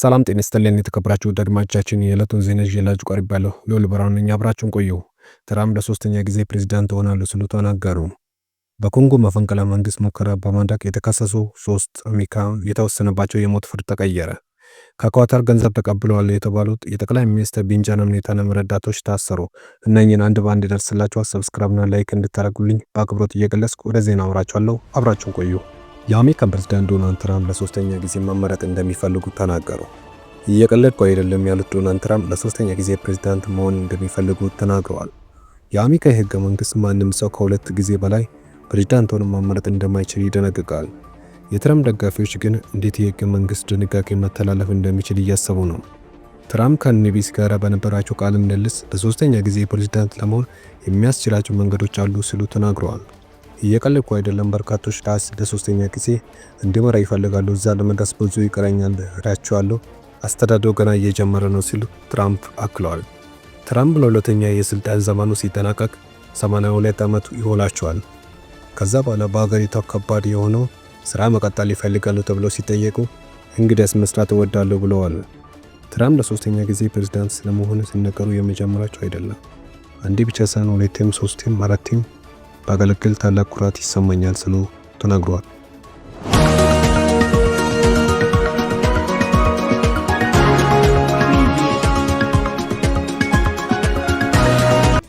ሰላም ጤና ይስጥልን የተከበራችሁ አድማጮቻችን፣ የዕለቱን ዜና ይዤላችሁ ቀርቤያለሁ። ልዑል ብርሃኑ ነኝ። አብራችሁን ቆዩ። ትራምፕ ለሶስተኛ ጊዜ ፕሬዝዳንት እሆናለሁ ሲሉ ተናገሩ። በኮንጎ መፈንቅለ መንግስት ሙከራ በማንዳቅ የተከሰሱ ሶስት አሜሪካውያን የተወሰነባቸው የሞት ፍርድ ተቀየረ። ከኳታር ገንዘብ ተቀብለዋል የተባሉት የጠቅላይ ሚኒስትር ቤንጃሚን ኔታንያሁ ረዳቶች ታሰሩ። እነኝን አንድ በአንድ ይደርስላችኋል። ሰብስክራይብና ላይክ እንድታደርጉልኝ በአክብሮት እየገለጽኩ ወደ ዜና አምራችኋለሁ። አብራችሁን ቆዩ። የአሜሪካ ፕሬዝዳንት ዶናልድ ትራምፕ ለሶስተኛ ጊዜ መመረጥ እንደሚፈልጉ ተናገሩ። እየቀለድኩ አይደለም ያሉት ዶናልድ ትራምፕ ለሶስተኛ ጊዜ ፕሬዝዳንት መሆን እንደሚፈልጉ ተናግረዋል። የአሜሪካ የህገ መንግስት ማንም ሰው ከሁለት ጊዜ በላይ ፕሬዝዳንት ሆኖ መመረጥ እንደማይችል ይደነግጋል። የትራምፕ ደጋፊዎች ግን እንዴት የህገ መንግስት ድንጋጌ መተላለፍ እንደሚችል እያሰቡ ነው። ትራምፕ ከኔቪስ ጋር በነበራቸው ቃለ ምልልስ ለሶስተኛ ጊዜ ፕሬዝዳንት ለመሆን የሚያስችላቸው መንገዶች አሉ ሲሉ ተናግረዋል። እየቀለኩ አይደለም። በርካቶች ዳስ ለሶስተኛ ጊዜ እንዲመራ ይፈልጋሉ። እዛ ለመድረስ ብዙ ይቀረኛል እላቸዋለሁ። አስተዳደሩ ገና እየጀመረ ነው ሲሉ ትራምፕ አክለዋል። ትራምፕ ለሁለተኛ የስልጣን ዘመኑ ሲጠናቀቅ 82 ዓመቱ ይሆናቸዋል። ከዛ በኋላ በሀገሪቷ ከባድ የሆነው ስራ መቀጠል ይፈልጋሉ ተብሎ ሲጠየቁ እንግዲያስ መስራት እወዳለሁ ብለዋል። ትራምፕ ለሶስተኛ ጊዜ ፕሬዝዳንት ስለመሆኑ ሲነገሩ የመጀመሪያቸው አይደለም። አንዴ ብቻ ሳይሆን ሁለቴም፣ ሶስቴም፣ አራቴም ባገለግል ታላቅ ኩራት ይሰማኛል ስሉ ተናግሯል።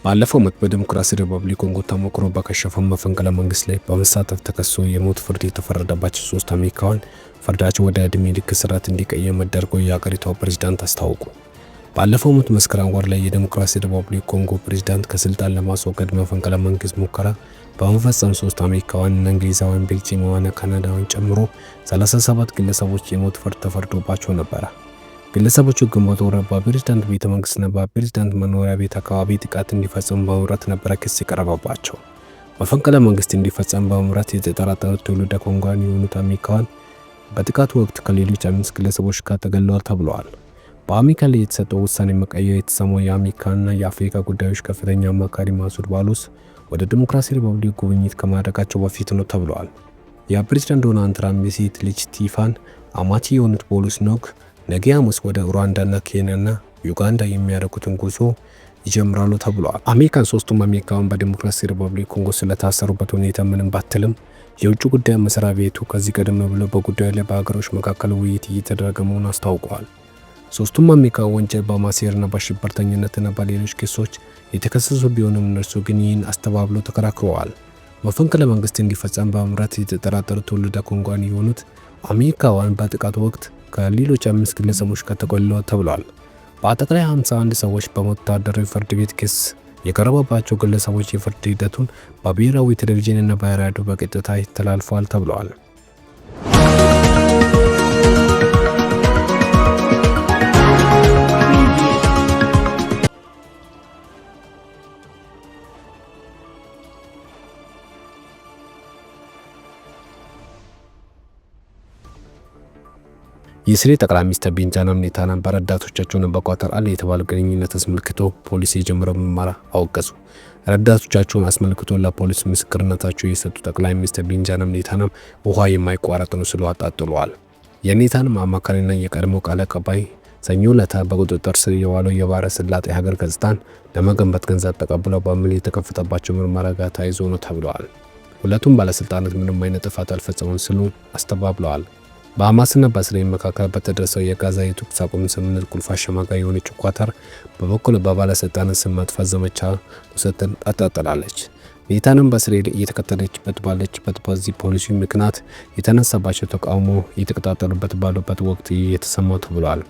ባለፈው ዓመት በዲሞክራሲ ሪፐብሊክ ኮንጎ ተሞክሮ በከሸፈው መፈንቅለ መንግስት ላይ በመሳተፍ ተከሶ የሞት ፍርድ የተፈረደባቸው ሶስት አሜሪካውያን ፍርዳቸው ወደ ዕድሜ ልክ እስራት እንዲቀየር መደረጉን የአገሪቷ ፕሬዚዳንት አስታወቁ። ባለፈው ዓመት መስከረም ወር ላይ የዲሞክራሲ ሪፐብሊክ ኮንጎ ፕሬዝዳንት ከስልጣን ለማስወገድ መፈንቅለ መንግስት ሙከራ በመፈጸም ሶስት አሜሪካውያንና እንግሊዛውያን ቤልጂማውያንና ካናዳውያን ጨምሮ 37 ግለሰቦች የሞት ፍርድ ተፈርዶባቸው ነበረ። ግለሰቦቹ ግንቦት ወር በፕሬዝዳንት ቤተ መንግስትና በፕሬዝዳንት መኖሪያ ቤት አካባቢ ጥቃት እንዲፈጽሙ በመምራት ነበረ ክስ የቀረበባቸው። መፈንቅለ መንግስት እንዲፈጸም በመምራት የተጠራጠሩ ትውልደ ኮንጓን የሆኑት አሜሪካውያን በጥቃቱ ወቅት ከሌሎች አምስት ግለሰቦች ጋር ተገለዋል ተብለዋል። በአሚካል ላይ የተሰጠው ውሳኔ መቀየር የተሰማው የአሜሪካና የአፍሪካ ጉዳዮች ከፍተኛ አማካሪ ማሱድ ባሎስ ወደ ዲሞክራሲ ሪፐብሊክ ጉብኝት ከማድረጋቸው በፊት ነው ተብለዋል። የፕሬዚዳንት ዶናልድ ትራምፕ የሴት ልጅ ቲፋን አማቺ የሆኑት ቦሉስ ኖክ ነገ ሐሙስ ወደ ሩዋንዳና ኬንያና ዩጋንዳ የሚያደርጉትን ጉዞ ይጀምራሉ ተብሏል። አሜሪካን ሶስቱም አሜሪካውን በዲሞክራሲ ሪፐብሊክ ኮንጎ ስለታሰሩበት ሁኔታ ምንም ባትልም የውጭ ጉዳይ መስሪያ ቤቱ ከዚህ ቀደም ብሎ በጉዳዩ ላይ በሀገሮች መካከል ውይይት እየተደረገ መሆኑን አስታውቀዋል። ሶስቱም አሜሪካ ወንጀል በማሴርና በአሸባሪተኝነትና በሌሎች ክሶች የተከሰሱ ቢሆንም እነርሱ ግን ይህን አስተባብሎ ተከራክረዋል። መፈንቅለ መንግስት እንዲፈጸም በመምራት የተጠራጠሩ ትውልደ ኮንጓን የሆኑት አሜሪካውያን በጥቃቱ ወቅት ከሌሎች አምስት ግለሰቦች ከተቆልለው ተብሏል። በአጠቃላይ 51 ሰዎች በወታደራዊ ፍርድ ቤት ክስ የቀረበባቸው ግለሰቦች የፍርድ ሂደቱን በብሔራዊ ቴሌቪዥንና በራዲዮ በቀጥታ ተላልፈዋል ተብለዋል። የስሬ ጠቅላይ ሚኒስትር ቤንጃሚን ኔታንያሁ በረዳቶቻቸውን በኳታር አለ የተባለ ግንኙነት አስመልክቶ ፖሊስ የጀመረው ምርመራ አወገዙ። ረዳቶቻቸውን አስመልክቶ ለፖሊስ ምስክርነታቸው የሰጡ ጠቅላይ ሚኒስትር ቤንጃሚን ኔታንያሁ ውሃ የማይቋረጥ ነው ሲሉ አጣጥለዋል። የኔታንያሁ አማካሪና የቀድሞ ቃል አቀባይ ሰኞ ዕለት በቁጥጥር ስር የዋለው የባህረ ሰላጤ ሀገር ገጽታን ለመገንባት ገንዘብ ተቀብለው በሚል የተከፈተባቸው ምርመራ ጋር ተያይዞ ነው ተብለዋል። ሁለቱም ባለስልጣናት ምንም አይነት ጥፋት አልፈጸሙም ሲሉ አስተባብለዋል። በሐማስና በእስራኤል መካከል በተደረሰው የጋዛ የተኩስ አቁም ስምምነት ቁልፍ አሸማጋይ የሆነችው ኳታር በበኩል በባለስልጣናት ስም ማጥፋት ዘመቻ ውሰትን አጣጥላለች። ኔታንም በእስራኤል እየተከተለችበት ባለችበት በዚህ ፖሊሲ ምክንያት የተነሳባቸው ተቃውሞ እየተቀጣጠሉበት ባሉበት ወቅት የተሰማው ተብሏል።